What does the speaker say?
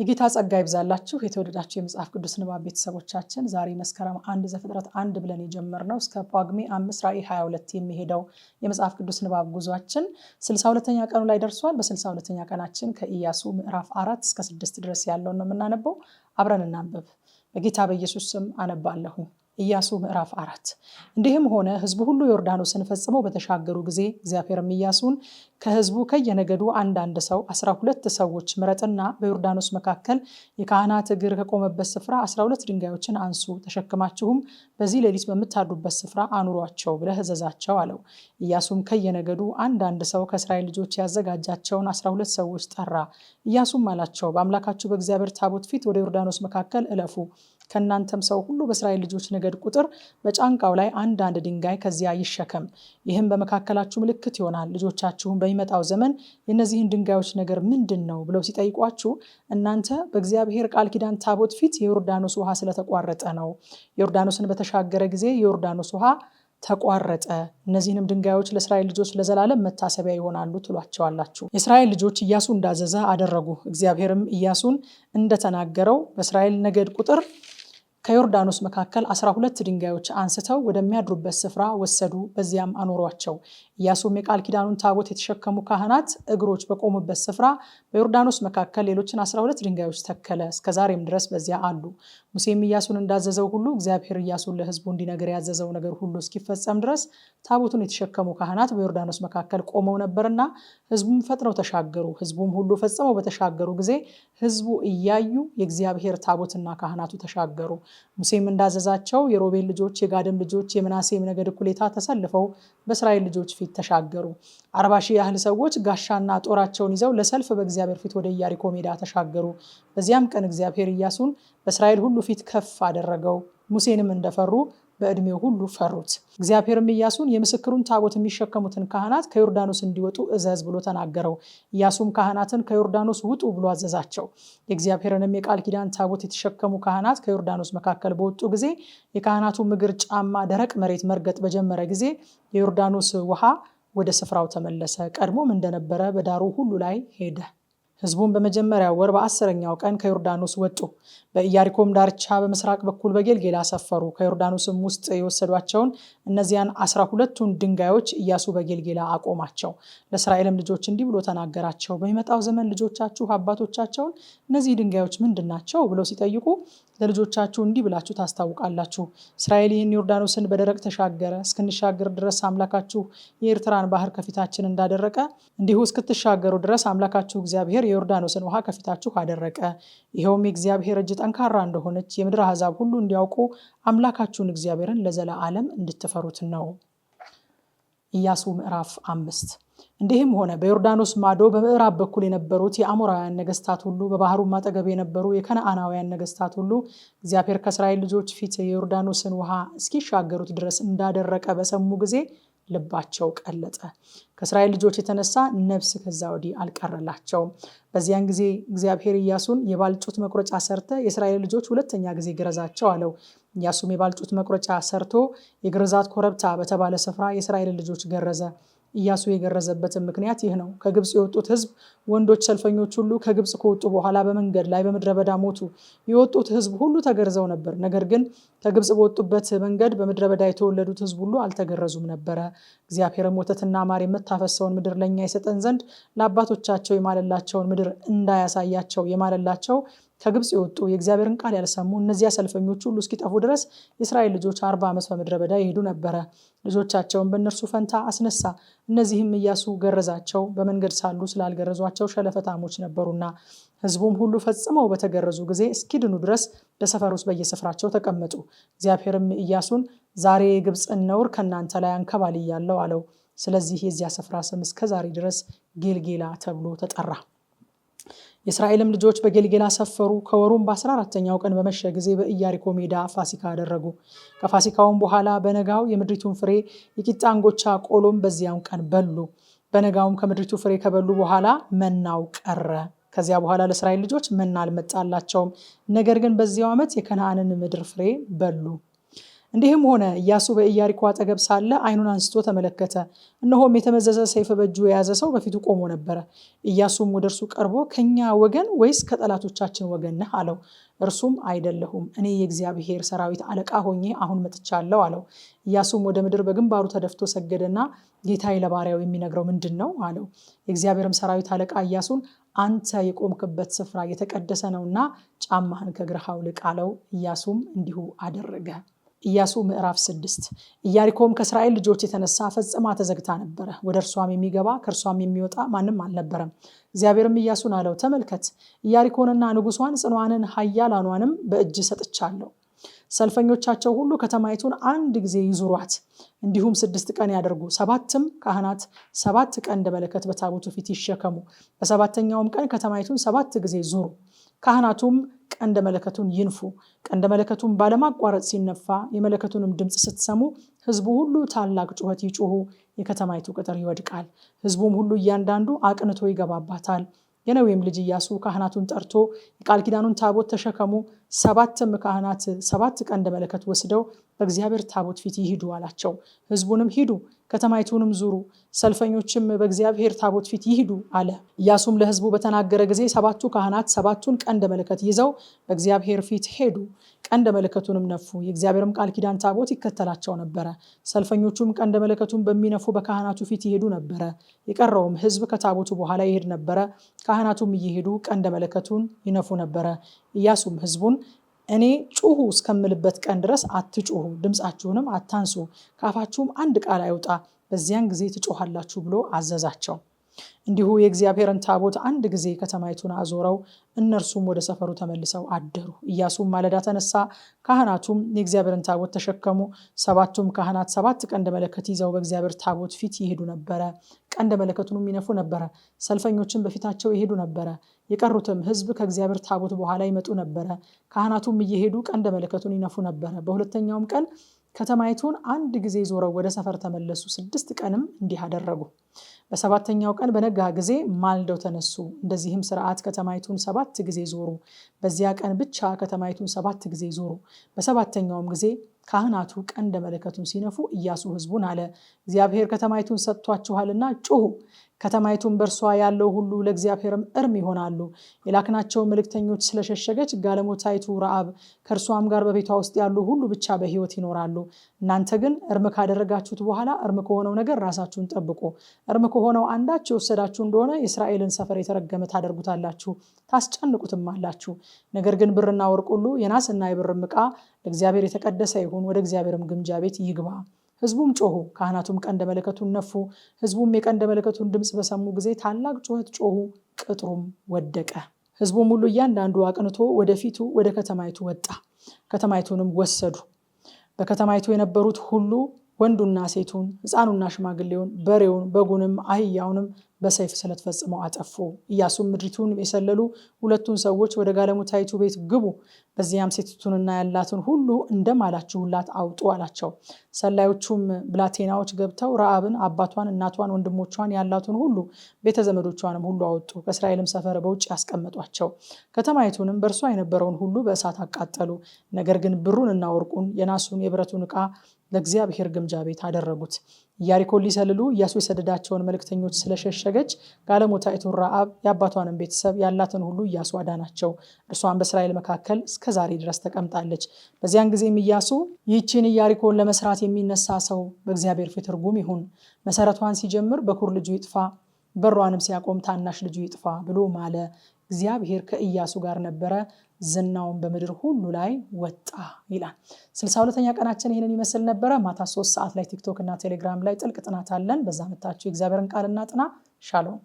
የጌታ ጸጋ ይብዛላችሁ የተወደዳችሁ የመጽሐፍ ቅዱስ ንባብ ቤተሰቦቻችን፣ ዛሬ መስከረም አንድ ዘፍጥረት አንድ ብለን የጀመርነው እስከ ጳጉሜ አምስት ራዕይ 22 የሚሄደው የመጽሐፍ ቅዱስ ንባብ ጉዟችን 62ኛ ቀኑ ላይ ደርሷል በስልሳ ሁለተኛ ቀናችን ከኢያሱ ምዕራፍ አራት እስከ ስድስት ድረስ ያለውን ነው የምናነበው። አብረን እናንብብ። በጌታ በኢየሱስ ስም አነባለሁ። ኢያሱ ምዕራፍ አራት እንዲህም ሆነ ህዝቡ ሁሉ ዮርዳኖስን ፈጽመው በተሻገሩ ጊዜ እግዚአብሔርም ኢያሱን ከህዝቡ ከየነገዱ አንዳንድ ሰው አስራ ሁለት ሰዎች ምረጥና በዮርዳኖስ መካከል የካህናት እግር ከቆመበት ስፍራ አስራ ሁለት ድንጋዮችን አንሱ ተሸክማችሁም በዚህ ሌሊት በምታዱበት ስፍራ አኑሯቸው ብለህ እዘዛቸው አለው። ኢያሱም ከየነገዱ አንዳንድ ሰው ከእስራኤል ልጆች ያዘጋጃቸውን አስራ ሁለት ሰዎች ጠራ። ኢያሱም አላቸው በአምላካችሁ በእግዚአብሔር ታቦት ፊት ወደ ዮርዳኖስ መካከል እለፉ ከእናንተም ሰው ሁሉ በእስራኤል ልጆች ነገድ ቁጥር በጫንቃው ላይ አንዳንድ ድንጋይ ከዚያ ይሸከም። ይህም በመካከላችሁ ምልክት ይሆናል። ልጆቻችሁን በሚመጣው ዘመን የእነዚህን ድንጋዮች ነገር ምንድን ነው ብለው ሲጠይቋችሁ እናንተ በእግዚአብሔር ቃል ኪዳን ታቦት ፊት የዮርዳኖስ ውሃ ስለተቋረጠ ነው። ዮርዳኖስን በተሻገረ ጊዜ የዮርዳኖስ ውሃ ተቋረጠ። እነዚህንም ድንጋዮች ለእስራኤል ልጆች ለዘላለም መታሰቢያ ይሆናሉ ትሏቸዋላችሁ። የእስራኤል ልጆች እያሱ እንዳዘዘ አደረጉ። እግዚአብሔርም እያሱን እንደተናገረው በእስራኤል ነገድ ቁጥር ከዮርዳኖስ መካከል አስራ ሁለት ድንጋዮች አንስተው ወደሚያድሩበት ስፍራ ወሰዱ፣ በዚያም አኖሯቸው። ኢያሱም የቃል ኪዳኑን ታቦት የተሸከሙ ካህናት እግሮች በቆሙበት ስፍራ በዮርዳኖስ መካከል ሌሎችን አስራ ሁለት ድንጋዮች ተከለ፣ እስከዛሬም ድረስ በዚያ አሉ። ሙሴም ኢያሱን እንዳዘዘው ሁሉ እግዚአብሔር ኢያሱን ለሕዝቡ እንዲነገር ያዘዘው ነገር ሁሉ እስኪፈጸም ድረስ ታቦቱን የተሸከሙ ካህናት በዮርዳኖስ መካከል ቆመው ነበርና ሕዝቡም ፈጥነው ተሻገሩ። ሕዝቡም ሁሉ ፈጽመው በተሻገሩ ጊዜ ሕዝቡ እያዩ የእግዚአብሔር ታቦትና ካህናቱ ተሻገሩ። ሙሴም እንዳዘዛቸው የሮቤል ልጆች፣ የጋድም ልጆች፣ የምናሴም ነገድ እኩሌታ ተሰልፈው በእስራኤል ልጆች ፊት ተሻገሩ። አርባ ሺህ ያህል ሰዎች ጋሻና ጦራቸውን ይዘው ለሰልፍ በእግዚአብሔር ፊት ወደ ኢያሪኮ ሜዳ ተሻገሩ። በዚያም ቀን እግዚአብሔር ኢያሱን በእስራኤል ሁሉ ፊት ከፍ አደረገው። ሙሴንም እንደፈሩ በዕድሜው ሁሉ ፈሩት። እግዚአብሔርም ኢያሱን የምስክሩን ታቦት የሚሸከሙትን ካህናት ከዮርዳኖስ እንዲወጡ እዘዝ ብሎ ተናገረው። ኢያሱም ካህናትን ከዮርዳኖስ ውጡ ብሎ አዘዛቸው። የእግዚአብሔርንም የቃል ኪዳን ታቦት የተሸከሙ ካህናት ከዮርዳኖስ መካከል በወጡ ጊዜ የካህናቱ እግር ጫማ ደረቅ መሬት መርገጥ በጀመረ ጊዜ የዮርዳኖስ ውሃ ወደ ስፍራው ተመለሰ፣ ቀድሞም እንደነበረ በዳሩ ሁሉ ላይ ሄደ። ህዝቡን በመጀመሪያ ወር በአስረኛው ቀን ከዮርዳኖስ ወጡ፣ በኢያሪኮም ዳርቻ በምስራቅ በኩል በጌልጌላ ሰፈሩ። ከዮርዳኖስም ውስጥ የወሰዷቸውን እነዚያን አስራ ሁለቱን ድንጋዮች እያሱ በጌልጌላ አቆማቸው። ለእስራኤልም ልጆች እንዲህ ብሎ ተናገራቸው፣ በሚመጣው ዘመን ልጆቻችሁ አባቶቻቸውን እነዚህ ድንጋዮች ምንድን ናቸው ብለው ሲጠይቁ ለልጆቻችሁ እንዲህ ብላችሁ ታስታውቃላችሁ። እስራኤል ይህን ዮርዳኖስን በደረቅ ተሻገረ፣ እስክንሻገር ድረስ አምላካችሁ የኤርትራን ባህር ከፊታችን እንዳደረቀ እንዲሁ እስክትሻገሩ ድረስ አምላካችሁ እግዚአብሔር የዮርዳኖስን ውሃ ከፊታችሁ አደረቀ። ይኸውም የእግዚአብሔር እጅ ጠንካራ እንደሆነች የምድር አሕዛብ ሁሉ እንዲያውቁ አምላካችሁን እግዚአብሔርን ለዘላለም እንድትፈሩት ነው። ኢያሱ ምዕራፍ አምስት እንዲህም ሆነ በዮርዳኖስ ማዶ በምዕራብ በኩል የነበሩት የአሞራውያን ነገስታት ሁሉ፣ በባህሩ አጠገብ የነበሩ የከነአናውያን ነገስታት ሁሉ እግዚአብሔር ከእስራኤል ልጆች ፊት የዮርዳኖስን ውሃ እስኪሻገሩት ድረስ እንዳደረቀ በሰሙ ጊዜ ልባቸው ቀለጠ። ከእስራኤል ልጆች የተነሳ ነፍስ ከዛ ወዲህ አልቀረላቸውም። በዚያን ጊዜ እግዚአብሔር ኢያሱን የባልጩት መቁረጫ ሰርተ የእስራኤል ልጆች ሁለተኛ ጊዜ ግረዛቸው አለው። ኢያሱም የባልጩት መቁረጫ ሰርቶ የግርዛት ኮረብታ በተባለ ስፍራ የእስራኤል ልጆች ገረዘ። ኢያሱ የገረዘበትን ምክንያት ይህ ነው። ከግብፅ የወጡት ህዝብ ወንዶች ሰልፈኞች ሁሉ ከግብፅ ከወጡ በኋላ በመንገድ ላይ በምድረ በዳ ሞቱ። የወጡት ህዝብ ሁሉ ተገርዘው ነበር። ነገር ግን ከግብፅ በወጡበት መንገድ በምድረ በዳ የተወለዱት ህዝብ ሁሉ አልተገረዙም ነበረ። እግዚአብሔርም ወተትና ማር የምታፈሰውን ምድር ለእኛ ይሰጠን ዘንድ ለአባቶቻቸው የማለላቸውን ምድር እንዳያሳያቸው የማለላቸው ከግብፅ የወጡ የእግዚአብሔርን ቃል ያልሰሙ እነዚያ ሰልፈኞች ሁሉ እስኪጠፉ ድረስ የእስራኤል ልጆች አርባ ዓመት በምድረ በዳ ይሄዱ ነበረ። ልጆቻቸውን በእነርሱ ፈንታ አስነሳ። እነዚህም እያሱ ገረዛቸው፣ በመንገድ ሳሉ ስላልገረዟቸው ሸለፈታሞች ነበሩና። ህዝቡም ሁሉ ፈጽመው በተገረዙ ጊዜ እስኪድኑ ድረስ በሰፈር ውስጥ በየስፍራቸው ተቀመጡ። እግዚአብሔርም እያሱን ዛሬ የግብፅን ነውር ከእናንተ ላይ አንከባልያለሁ አለው። ስለዚህ የዚያ ስፍራ ስም እስከ ዛሬ ድረስ ጌልጌላ ተብሎ ተጠራ። የእስራኤልም ልጆች በጌልጌላ ሰፈሩ። ከወሩም በ 14 ተኛው ቀን በመሸ ጊዜ በኢያሪኮ ሜዳ ፋሲካ አደረጉ። ከፋሲካውም በኋላ በነጋው የምድሪቱን ፍሬ የቂጣ እንጎቻ ቆሎም በዚያም ቀን በሉ። በነጋውም ከምድሪቱ ፍሬ ከበሉ በኋላ መናው ቀረ። ከዚያ በኋላ ለእስራኤል ልጆች መና አልመጣላቸውም። ነገር ግን በዚያው ዓመት የከነአንን ምድር ፍሬ በሉ። እንዲህም ሆነ ኢያሱ በኢያሪኮ አጠገብ ሳለ ዓይኑን አንስቶ ተመለከተ፣ እነሆም የተመዘዘ ሰይፍ በእጁ የያዘ ሰው በፊቱ ቆሞ ነበረ። ኢያሱም ወደ እርሱ ቀርቦ ከኛ ወገን ወይስ ከጠላቶቻችን ወገን ነህ አለው። እርሱም አይደለሁም፣ እኔ የእግዚአብሔር ሰራዊት አለቃ ሆኜ አሁን መጥቻለሁ አለው። ኢያሱም ወደ ምድር በግንባሩ ተደፍቶ ሰገደና ጌታዬ ለባሪያው የሚነግረው ምንድን ነው አለው። የእግዚአብሔርም ሰራዊት አለቃ ኢያሱን አንተ የቆምክበት ስፍራ የተቀደሰ ነውና ጫማህን ከእግርህ አውልቅ አለው። ኢያሱም እንዲሁ አደረገ። ኢያሱ ምዕራፍ ስድስት ኢያሪኮም ከእስራኤል ልጆች የተነሳ ፈጽማ ተዘግታ ነበረ። ወደ እርሷም የሚገባ ከእርሷም የሚወጣ ማንም አልነበረም። እግዚአብሔርም ኢያሱን አለው፣ ተመልከት ኢያሪኮንና ንጉሷን ጽኗንን ሀያላኗንም በእጅ ሰጥቻለሁ። ሰልፈኞቻቸው ሁሉ ከተማይቱን አንድ ጊዜ ይዙሯት፣ እንዲሁም ስድስት ቀን ያደርጉ። ሰባትም ካህናት ሰባት ቀን እንደመለከት በታቦቱ ፊት ይሸከሙ። በሰባተኛውም ቀን ከተማይቱን ሰባት ጊዜ ዙሩ። ካህናቱም ቀንደ መለከቱን ይንፉ። ቀንደ መለከቱን ባለማቋረጥ ሲነፋ የመለከቱንም ድምፅ ስትሰሙ ሕዝቡ ሁሉ ታላቅ ጩኸት ይጩሁ፣ የከተማይቱ ቅጥር ይወድቃል። ሕዝቡም ሁሉ እያንዳንዱ አቅንቶ ይገባባታል። የነዌም ልጅ ኢያሱ ካህናቱን ጠርቶ የቃል ኪዳኑን ታቦት ተሸከሙ ሰባትም ካህናት ሰባት ቀንደ መለከት ወስደው በእግዚአብሔር ታቦት ፊት ይሂዱ አላቸው። ህዝቡንም ሂዱ፣ ከተማይቱንም ዙሩ፣ ሰልፈኞችም በእግዚአብሔር ታቦት ፊት ይሂዱ አለ። ኢያሱም ለህዝቡ በተናገረ ጊዜ ሰባቱ ካህናት ሰባቱን ቀንደ መለከት ይዘው በእግዚአብሔር ፊት ሄዱ፣ ቀንደ መለከቱንም ነፉ። የእግዚአብሔርም ቃል ኪዳን ታቦት ይከተላቸው ነበረ። ሰልፈኞቹም ቀንደ መለከቱን በሚነፉ በካህናቱ ፊት ይሄዱ ነበረ። የቀረውም ህዝብ ከታቦቱ በኋላ ይሄድ ነበረ። ካህናቱም እየሄዱ ቀንደ መለከቱን ይነፉ ነበረ። ኢያሱም ህዝቡን እኔ ጩሁ እስከምልበት ቀን ድረስ አትጩሁ፣ ድምፃችሁንም አታንሱ፣ ካፋችሁም አንድ ቃል አይውጣ፣ በዚያን ጊዜ ትጮኋላችሁ ብሎ አዘዛቸው። እንዲሁ የእግዚአብሔርን ታቦት አንድ ጊዜ ከተማይቱን አዞረው፣ እነርሱም ወደ ሰፈሩ ተመልሰው አደሩ። ኢያሱም ማለዳ ተነሳ፣ ካህናቱም የእግዚአብሔርን ታቦት ተሸከሙ። ሰባቱም ካህናት ሰባት ቀንደ መለከት ይዘው በእግዚአብሔር ታቦት ፊት ይሄዱ ነበረ። ቀንደ መለከቱንም ይነፉ ነበረ። ሰልፈኞችን በፊታቸው ይሄዱ ነበረ። የቀሩትም ሕዝብ ከእግዚአብሔር ታቦት በኋላ ይመጡ ነበረ። ካህናቱም እየሄዱ ቀንደ መለከቱን ይነፉ ነበረ። በሁለተኛውም ቀን ከተማይቱን አንድ ጊዜ ዞረው ወደ ሰፈር ተመለሱ። ስድስት ቀንም እንዲህ አደረጉ። በሰባተኛው ቀን በነጋ ጊዜ ማልደው ተነሱ። እንደዚህም ስርዓት ከተማይቱን ሰባት ጊዜ ዞሩ። በዚያ ቀን ብቻ ከተማይቱን ሰባት ጊዜ ዞሩ። በሰባተኛውም ጊዜ ካህናቱ ቀንደ መለከቱን ሲነፉ ኢያሱ ሕዝቡን አለ፣ እግዚአብሔር ከተማይቱን ሰጥቷችኋልና ጩሁ፣ ከተማይቱም በእርሷ ያለው ሁሉ ለእግዚአብሔርም እርም ይሆናሉ። የላክናቸው መልእክተኞች ስለሸሸገች ጋለሞታይቱ ረአብ ከእርሷም ጋር በቤቷ ውስጥ ያሉ ሁሉ ብቻ በሕይወት ይኖራሉ። እናንተ ግን እርም ካደረጋችሁት በኋላ እርም ከሆነው ነገር ራሳችሁን ጠብቁ። እርም ከሆነው አንዳች የወሰዳችሁ እንደሆነ የእስራኤልን ሰፈር የተረገመ ታደርጉታላችሁ፣ ታስጨንቁትም አላችሁ። ነገር ግን ብርና ወርቅ ሁሉ የናስና የብርም ዕቃ ለእግዚአብሔር የተቀደሰ ይሁን፣ ወደ እግዚአብሔርም ግምጃ ቤት ይግባ። ህዝቡም ጮሁ፣ ካህናቱም ቀንደ መለከቱን ነፉ። ህዝቡም የቀንደ መለከቱን ድምፅ በሰሙ ጊዜ ታላቅ ጩኸት ጮሁ፣ ቅጥሩም ወደቀ። ህዝቡም ሁሉ እያንዳንዱ አቅንቶ ወደፊቱ ወደ ከተማይቱ ወጣ። ከተማይቱንም ወሰዱ። በከተማይቱ የነበሩት ሁሉ ወንዱና ሴቱን ህፃኑና ሽማግሌውን በሬውን በጉንም አህያውንም በሰይፍ ስለት ፈጽመው አጠፉ። ኢያሱም ምድሪቱን የሰለሉ ሁለቱን ሰዎች ወደ ጋለሞታይቱ ቤት ግቡ፣ በዚያም ሴቲቱንና ያላትን ሁሉ እንደማላችሁላት አውጡ አላቸው። ሰላዮቹም ብላቴናዎች ገብተው ረአብን፣ አባቷን፣ እናቷን፣ ወንድሞቿን፣ ያላትን ሁሉ ቤተ ዘመዶቿንም ሁሉ አወጡ፣ ከእስራኤልም ሰፈር በውጭ ያስቀመጧቸው። ከተማይቱንም በእርሷ የነበረውን ሁሉ በእሳት አቃጠሉ። ነገር ግን ብሩንና ወርቁን የናሱን የብረቱን ዕቃ ለእግዚአብሔር ግምጃ ቤት አደረጉት። ኢያሪኮን ሊሰልሉ ኢያሱ የሰደዳቸውን መልእክተኞች ስለሸሸገች ጋለሞታይቱን አብ የአባቷንም ቤተሰብ ያላትን ሁሉ ኢያሱ አዳናቸው። እርሷን በእስራኤል መካከል እስከ ዛሬ ድረስ ተቀምጣለች። በዚያን ጊዜም ኢያሱ ይህችን ኢያሪኮን ለመስራት የሚነሳ ሰው በእግዚአብሔር ፊት ርጉም ይሁን፣ መሰረቷን ሲጀምር በኩር ልጁ ይጥፋ፣ በሯንም ሲያቆም ታናሽ ልጁ ይጥፋ ብሎ ማለ። እግዚአብሔር ከኢያሱ ጋር ነበረ፣ ዝናውን በምድር ሁሉ ላይ ወጣ ይላል። ስልሳ ሁለተኛ ቀናችን ይህንን ይመስል ነበረ። ማታ ሶስት ሰዓት ላይ ቲክቶክ እና ቴሌግራም ላይ ጥልቅ ጥናት አለን። በዛ መታችሁ የእግዚአብሔርን ቃል እና ጥና ሻሎም